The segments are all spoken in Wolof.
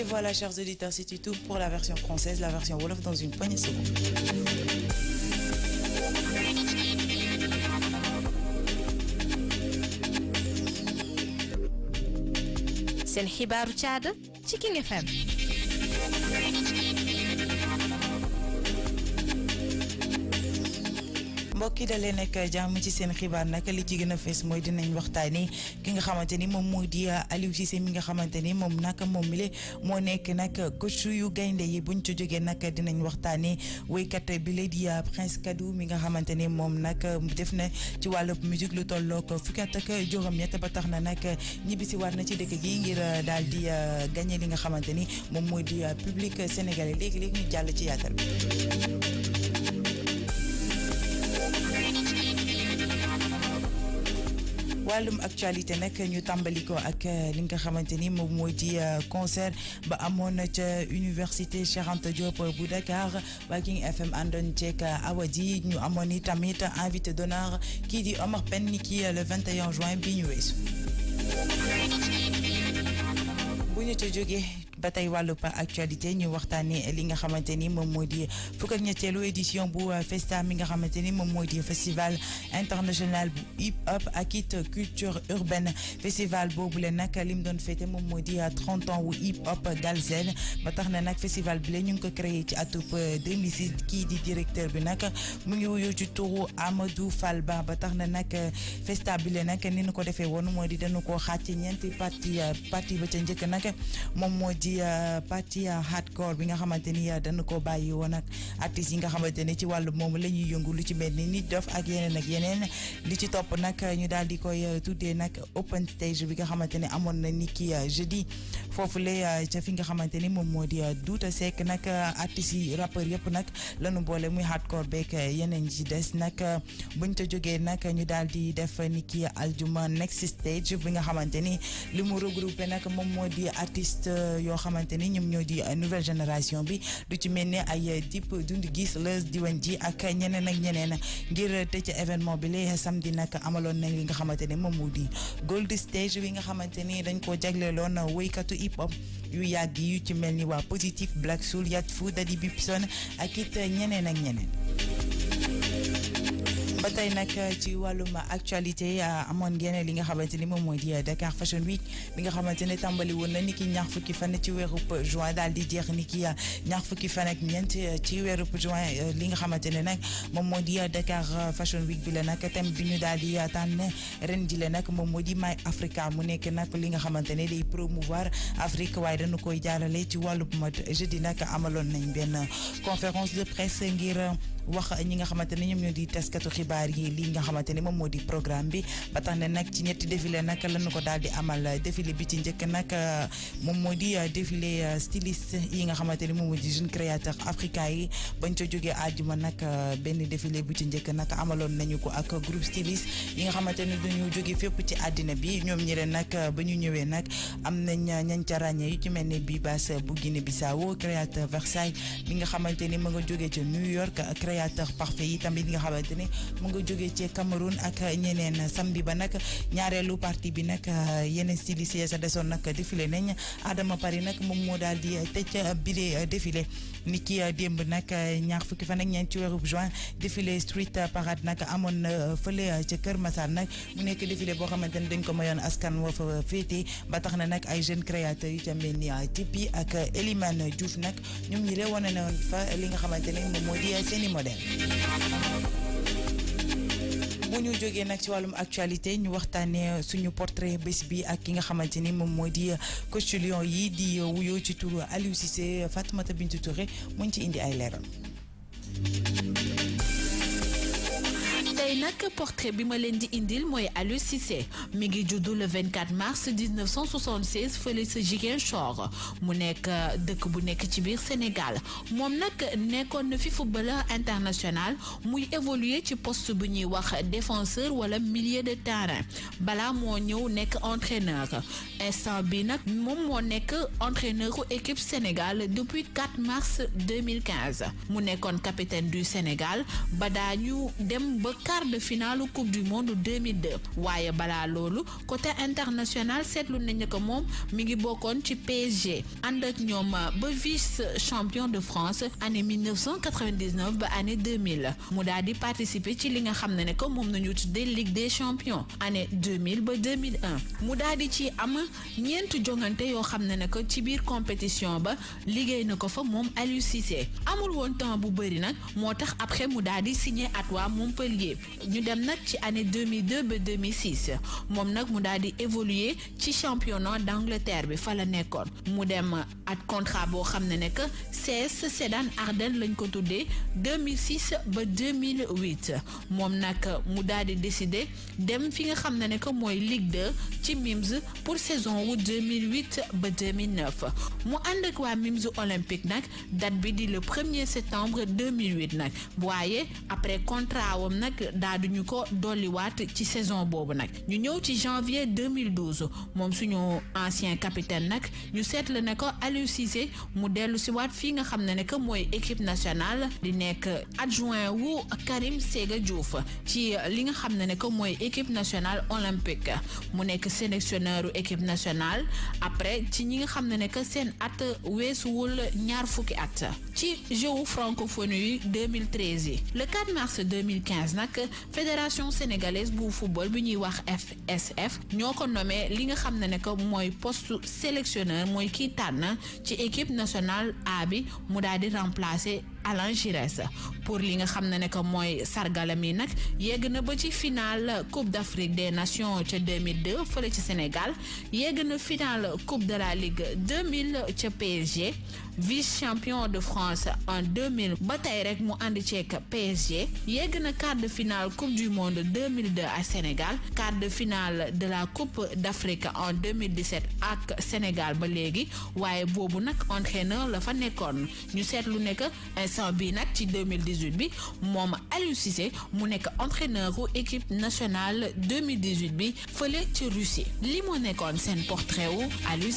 Et voilà, chers auditeurs, c'est tout pour la version française, la version Wolof dans une poignée de secondes. FM mbokk dalee nekk jàmm ci seen xibaar naka li ci gën a fees mooy dinañ waxtaanee ki nga xamante ni moom moo di uh, Aliou mi nga xamante ni moom nag moom mi moo nekk nag coach yu gaynde yi buñ ci jógee nag dinañ waxtaanee woykat bi la di uh, Prince Kadou mi nga xamante ni moom nag def na ci wàll musique lu tolloog fukki at ak juróom-ñett ba tax na nag ñibbisi war na ci dëkk gi ngir uh, daal di gagné li nga xamante ni moom mooy di public sénégalais léegi léegi ñu jàll ci yaatal bi. wàllum actualité nag ñu tàmbali ko ak euh, li nga xamanteni ni moom mooy di euh, concert ba amone ci université Charente Diop bu Dakar waa King FM andon ceeg euh, awa ji ñu amone tamit invité d'honneur ki di Omar Pène ki le 21 juin bi ñu bu ba tey wàllub actualité ñu waxtaanee li nga xamante ni moom moo di fukk ak ñetteelu édition bu euh, festa mi nga xamante ni moom moo di festival international bu hip hop ak it culture urbaine festival boobu la nag lim doon féete moom moo di 30 euh, ans wu hip hop Galsen ba tax na nag festival bi la ñu ngi ko créé ci atub 2006 euh, kii di directeur bi nag mu ngi wuyu ci turu Amadou Fall Ba ba tax na nag festa bi la nag ni ñu ko defee woon mooy di dañu koo xaaj ci ñeenti parti parti ba ca njëkk nag moom moo di ci euh, partie euh, hardcore bi nga xamante ni euh, dana ko bàyyi woon ak artistes yi nga xamante ne ci wàllu moom la ñuy lu ci mel ni nit dof ak yeneen ak yeneen li ci topp nag ñu daal di koy tuddee nag open stage bi nga xamante ne amoon na ni ki jeudi foofule ca fi nga xamante ni moom moo di Douta Seck nag artistes yi rappeurs yëpp nag lanu boole muy hardcore beeg yeneen ci des nag buñ ca jógee nag ñu daal di def ni ki aljuma next stage bi nga xamante ni li mu regroupé nag moom moo yoo xamante ni ñoom ñoo di euh, nouvelle génération bi du ci mel ni ay euh, type dund gis les diwan ji ak ñeneen ak ñeneen ngir tëj événement bi la samedi nag amaloon nañ li nga xamante ni moom moo di gold stage bi nga xamante ni dañ koo jagleeloon woykatu hip hop yu yàgg yu ci mel ni waa Positive Black Soul Yatfou Daddy Bibson ak it ñeneen ak ñeneen ba tey nag euh, ci wàllum actualité euh, amoon ngeen li nga xamante ni moom mooy di euh, Dakar Fashion Week bi nga xamante ne tàmbali woon na ni ki ñaar fukki fan ci weerub juin daal di jeex ni ki ñax fukki fan ak ñeent ci weerub juin li nga xamante ne nag moom moo di Dakar Fashion bi la nag thème bi ñu daal di tànn ren ji nag moom moo di may Africa mu nekk nag li nga xamante ne day promouvoir Afrique waaye dañu koy jaarale ci wàllub mode jeudi nag amaloon nañ benn conférence de presse ngir. wax ñi nga xamante ne ñoom ñoo di taskatu xibaar yi lii nga xamante moom moo di programme bi ba tax ne nag ci ñetti défilé nag lañu ko daal amal défilé bi ci njëkk nag euh, euh, euh, yi nga xamante ne moom moo di jeune créateur africain yi bañ ca jógee àjjuma nag benn bu ci njëkk nag amaloon nañu ko ak groupe styliste yi nga xamante ne dañu jógee fépp ci àddina bi ñoom ñi nag ba ñu ñëwee nag am nañ ñañ ca ràññee yu ci mel ne bii baas bi Guinée Bissau créateur Versailles mi nga xamante ni nga jógee ca New York créateur parfait yi tamit nga xamante mu nga jógee ci Cameroun ak ñeneen samedi ba nag ñaareelu partie bi nag euh, yeneen stylistes yi sa desoon nag défilé nañ Adama moo daal di tëj bile défilé ni ki euh, démb euh, fukki fa ak ñeent ci weeru juin défilé street parade nag amoon na fële ca Kër Massar nag mu nekk défilé boo xamante ne dañ ko mayoon askan wa féete ba tax na nag ay jeunes créateurs yu ca mel ni Tipi ak Elimane Diouf nag ñoom ñi lee wane na fa li nga xamante moom moo di seeni modèle bu ñu jógee nag ci wàllum actualité ñu waxtaanee suñu portrait bés bi ak ki nga xamante ni moom moo di coach Lion yi di wuyoo ci turu Aliou Cissé Fatoumata Bintou Touré muñ ci indi ay leeral tey nag portrait bi ma leen di indil moy Aliou Cissé mi ngi le 24 mars 1976 fële sa Jiguenchor. mu nek euh, deuk bu nek ci bir Sénégal mom nak nekkoon na fi footballeur international muy évoluer ci poste bu ñuy wax défenseur wala milieu de terrain bala mo ñëw nek entraîneur instant bi nak mom mo nek entraîneur de équipe Sénégal depuis 4 mars 2015 mu nekkoon capitaine du Sénégal ba dañu dem ba de de au coupe du monde 2002 Waye bala loolu côté international c'est nañu ko mom mi ngi bokone ci PSG and ak ñom euh, ba vice champion de France année 1999 ba année 2000 mu participé participer ci li nga xamné ne ne nañu Ligue des champions année 2000 ba 2001 mu daal ci am ñent jonganté yo xamné que ci biir compétition ba Ligue nako fa mom Aliou Cissé amul won temps bu bari nak motax après mu daal signer signé Montpellier ñu dem nak ci année 2002 ba 2006 Nous nak mu daal évoluer ci championnat d'Angleterre. Angleterre bi fa la nekkoon mu dem at contrat bo xam nek 16 Sedan Arden lañ ko tuddé 2006 ba 2008 Nous nak mu daal décider dem fi nga xam nek moy Ligue 2 ci Mims pour saison 2008 ba 2009 mu ànd ak wa Mims Olympique nak date bi di le 1er septembre 2008 nak boyé après contrat wam nak daal duñu ko wat ci saison bobu nak ñu ñew ci janvier 2012 mom suñu ancien capitaine nak ñu seetlu ne ko Aliou Cissé mu dellu ci wat fi nga xam ne ko que équipe nationale di nekk adjoint wu Karim Séga Diouf ci li nga xam ne ko moy équipe nationale olympique mu nekk sélectionneur équipe nationale après ci ñi nga xam ne ne que seen at wessul ñaar fukki at ci jeu francophonie 2013 le 4 mars 2015 nak. fédération sénégalaise bu football bi ñuy wax FSF ñoo ko nommé li nga xam ne ne que mooy poste sélectionneur mooy kii tànn ci équipe nationale A bi mu daal di remplacer Alain pour li nga xam ne c'est que mooy sargalam yi nag yegg na ba ci finale coupe d'Afrique des nations en 2002 fële ci Sénégal a une finale coupe de la Ligue 2000 chez PSG vice champion de France en 2000 ba rek mu ànd PSG quart de finale coupe du monde 2002 à Sénégal quart de finale de la coupe d'Afrique en 2017 ak Sénégal ba léegi la fa ñu en 2018 bi à Aliou Cissé mu entraîneur équipe nationale 2018 bi feulé Russie li mo portrait ou Aliou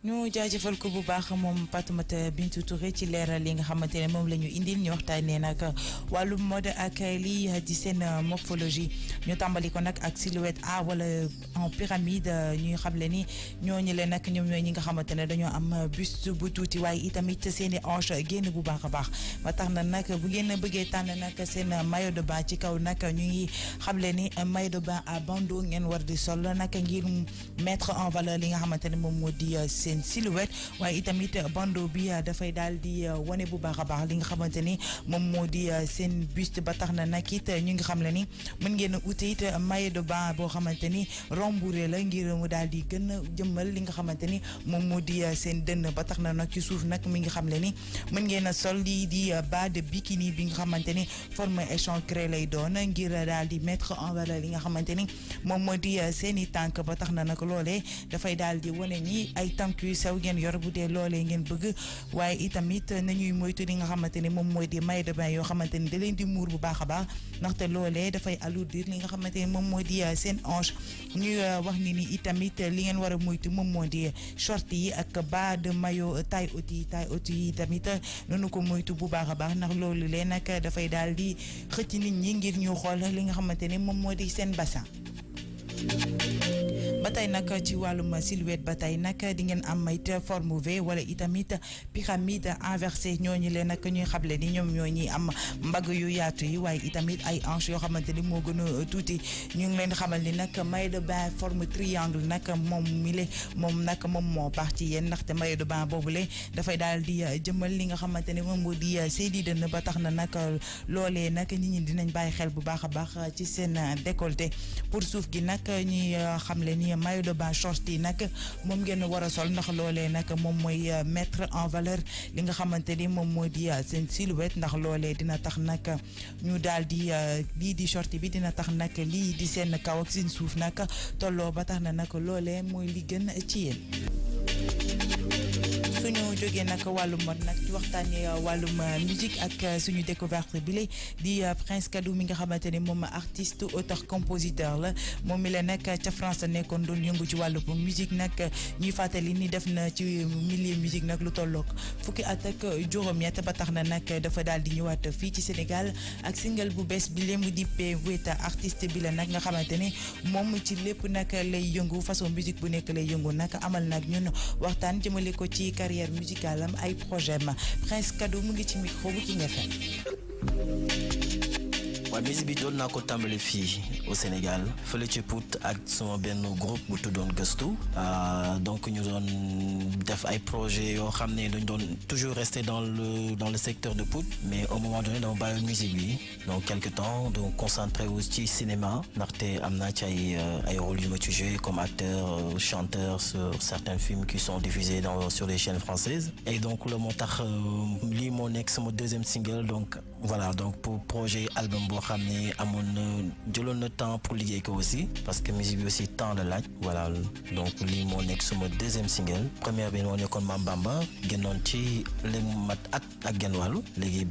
ñu jaajëfal ko bu baax moom Fatoumata Bintou Touré ci leeral li nga xamante ne moom la ñu indil ñu waxtaanee nag wàllum mode ak lii di seen morphologie ñu tàmbali ko nag ak silhouette A wala en pyramide ñuy xamle ni ñooñu leen nag ñoom ñooy ñi nga xamante ne dañoo am buste bu tuuti waaye itamit seen i hanche génn bu baax a baax ma tax na nag bu ngeen bëggee tànn nag seen maillot de bain ci kaw nag ñu ngi xamle ni maillot de bain à ngeen war di sol nag ngir mettre en valeur li nga xamante ne moom moo di seen silhouette waaye itamit euh, bandeau bi euh, dafay daal di euh, wone bu baax a baax li nga xamante ni moom moo di seen buste ba tax na nag it ñu ngi xam la ni mën ngeen a uti it de bain boo xamante ni rembourré la ngir mu daal di gën a jëmmal li nga xamante ni moom moo di seen dënn ba tax na nag ci suuf nag mi ngi xam le ni mën ngeen a sol lii di bas de bikini bi nga xamante ni forme échancrée lay doon ngir daal di mettre en li nga xamante ni moom moo di seen i tànk ba tax na nag dafay daal di wane ñi ay tànk waxtu sew ngeen yor bu dee loolee ngeen bëgg waaye itamit nañuy moytu li nga xamante ne moom mooy di mailles de bain yoo xamante ni da leen di muur baax a baax ndaxte loolee dafay alourdir li nga xamante ne moom moo di euh, seen hanche ñuy euh, wax ni ni itamit li ngeen war a moytu moom moo di short yi ak bas de maillot euh, taille haute yi taille tamit noonu ko moytu bu baax a baax ndax loolu nag dafay daal di xëcc nit ñi ngir ñu xool li nga xamante ne moom moo di seen bassin ba tey nag ci wàllum silhouette ba tey nag di ngeen am it forme V wala itamit pyramide inversée ñooñu leen nag ñuy xamle ni ñoom ñoo ñuy am mbagg yu yaatu yi waaye itamit ay hanche yoo xamante ni moo gën a tuuti ñu ngi leen xamal ni nag maillot de bain forme triangle nag moom mi moom nag moom moo baax ci yéen ndaxte maillot de boobu boobule dafay daal di jëmal li nga xamante ni moom moo di seedi na ba tax na nag loolee nag nit ñi dinañ bàyyi xel bu baax a baax ci seen décolté pour suuf gi nag ñi xamle ni maillot de bain short yi nag moom ngeen war a sol ndax loolee nag moom mooy mettre en valeur li nga xamante ni moom moo di seen silhouette ndax loolee dina tax nag ñu daal di lii di short bi dina tax nag lii di seen kaw ak seen suuf nag tolloo ba tax na nag loolee mooy li gën ci yéen. jógee nag wàllum mode nag ci waxtaanee euh, wàllum euh, musique ak euh, suñu découverte bi lay di Prince Kadou mi nga xamante ne moom artiste auteur compositeur la moom mi la nag ca France nekkoon doon yëngu ci wàllum musique nag ñuy fàttali ni def na ci milieu musique nag lu tollook fukki at ak juróom-ñett ba tax na nag dafa daal di ñëwaat fii ci Sénégal ak single bu bees bi léemu di artiste bi la nag nga xamante ne moom ci lépp nag lay yëngu façon musique bu nekk lay yëngu nag amal nag ñun waxtaan jëmale ko ci carrière musicalam ay projet am Prince Kado mu ngi ci micro bu King FM Mise bi doon ko tàmbali filles au Sénégal fële ci Pout ak sama benn groupe bu tuddoon gëstu euh, donc ñu doon def ay projets toujours rester dans le dans le secteur de Pout mais au moment donné dans une musique bi donc quelque temps donc concentré aussi style cinéma ndaxte a naa ci ay euh, ay rôles ma comme acteur euh, chanteur sur certains films qui sont diffusés dans sur les chaînes françaises et donc le montage li monex mon deuxième single donc voilà donc pour projet album amener à mon euh, na le temps pour lier que aussi parce que musique aussi temps de laaj voilà donc mon mon ex mon deuxième single première ben on nekkoon Maam Bamba gennon ci le mat ak genn walu bi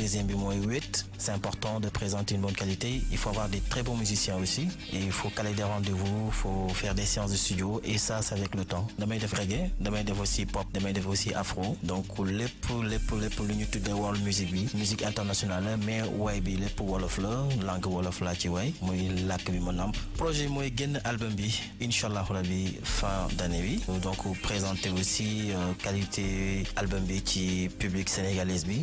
deuxième bi et huit c'est important de présenter une bonne qualité il faut avoir des très bons musiciens aussi et il faut caler des rendez-vous faut faire des séances de studio et ça c'est avec le temps de def reggae de def aussi pop de def aussi afro donc lépp les pour et ñu the world music bi musique internationale mais ouais bi lépp wolof la langue wolof la ci way muy lak bi mo namp projet moy génn album bi inshallah allah rabi fin d'année bi donc présenter aussi euh, qualité album bi ci public sénégalais bi.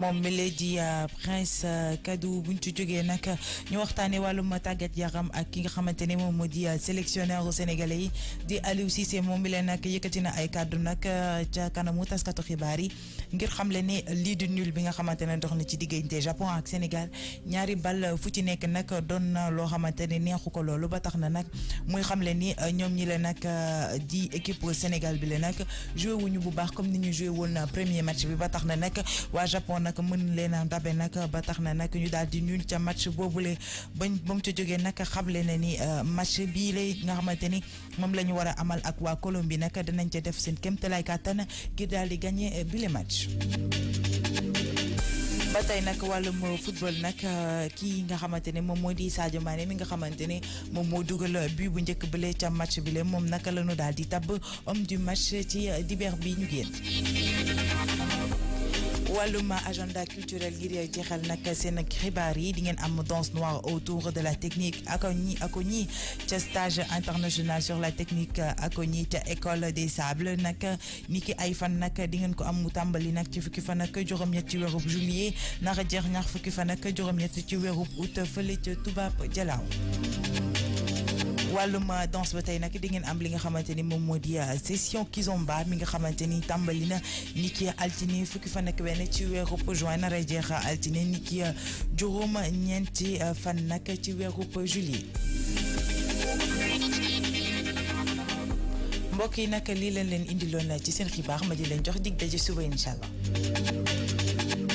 mom mi di euh, Prince cadeau. Euh, bu ñu ci jógee nag ñu waxtané walum tagat yaram ak ki nga xamante ne moom di sélectionneur sénégalais yi di Aliou Cissé mom mi nak yëkëti na ay kàddu nak ca kanamu taskatu xibaar ngir xamle ni lii di nul bi nga xamante ne dox na ci diggante Japon ak Sénégal ñaari bal fu ci nekk nag doon na loo xamante ne neexu ko loolu ba tax na nag muy xamle ni euh, ñoom ñi la nag euh, di équipe Sénégal bi la nag joué wuñu bu baax comme ni ñu joué woon premier match bi ba tax na nag waa Japon nag mën leen a dabe nag ba tax na nag ñu daal di nul ca match boobule bañ ba mu ca jógee nag xamle na ni euh, match bii lay nga xamante ni moom la ñu war a amal ak waa Colombie nag danañ ca def seen kéemtalaay kàttan ngir daal di gagné le match. match batay nak walum football nak ki nga xamantene mom modi sadio mané mi nga xamantene bu ñëk bele ci match bi le mom nak lañu daldi tab homme du match ci di bi ñu wàllum agenda culturel yi di jeexal nag seen xibaar yi di ngeen am danse noire autour de la technique akoni akoni ci stage international sur la technique akoni école des sables nak Niki ay fan nak di ngeen ko am mu tambali nak ci fukki fan nak juróom-ñett ci weerub juillet nak jeex ñaar fukki fan nak juróom-ñett ci weerub août fele ci Toubab Jalaaw wàllum euh, danse ba tey nag di ngeen am li nga xamante ni moom moo di euh, session kizomba mi nga xamante ni tàmbali na ni ki altine fukki fan ak benn ci weerub juin naray jeex altine ni ki euh, juróom ñeenti fan nag ci weerub juillet mbokk yi nag lii leen leen indiloon ci seen xibaar ma di leen jox dig daje suba incha allah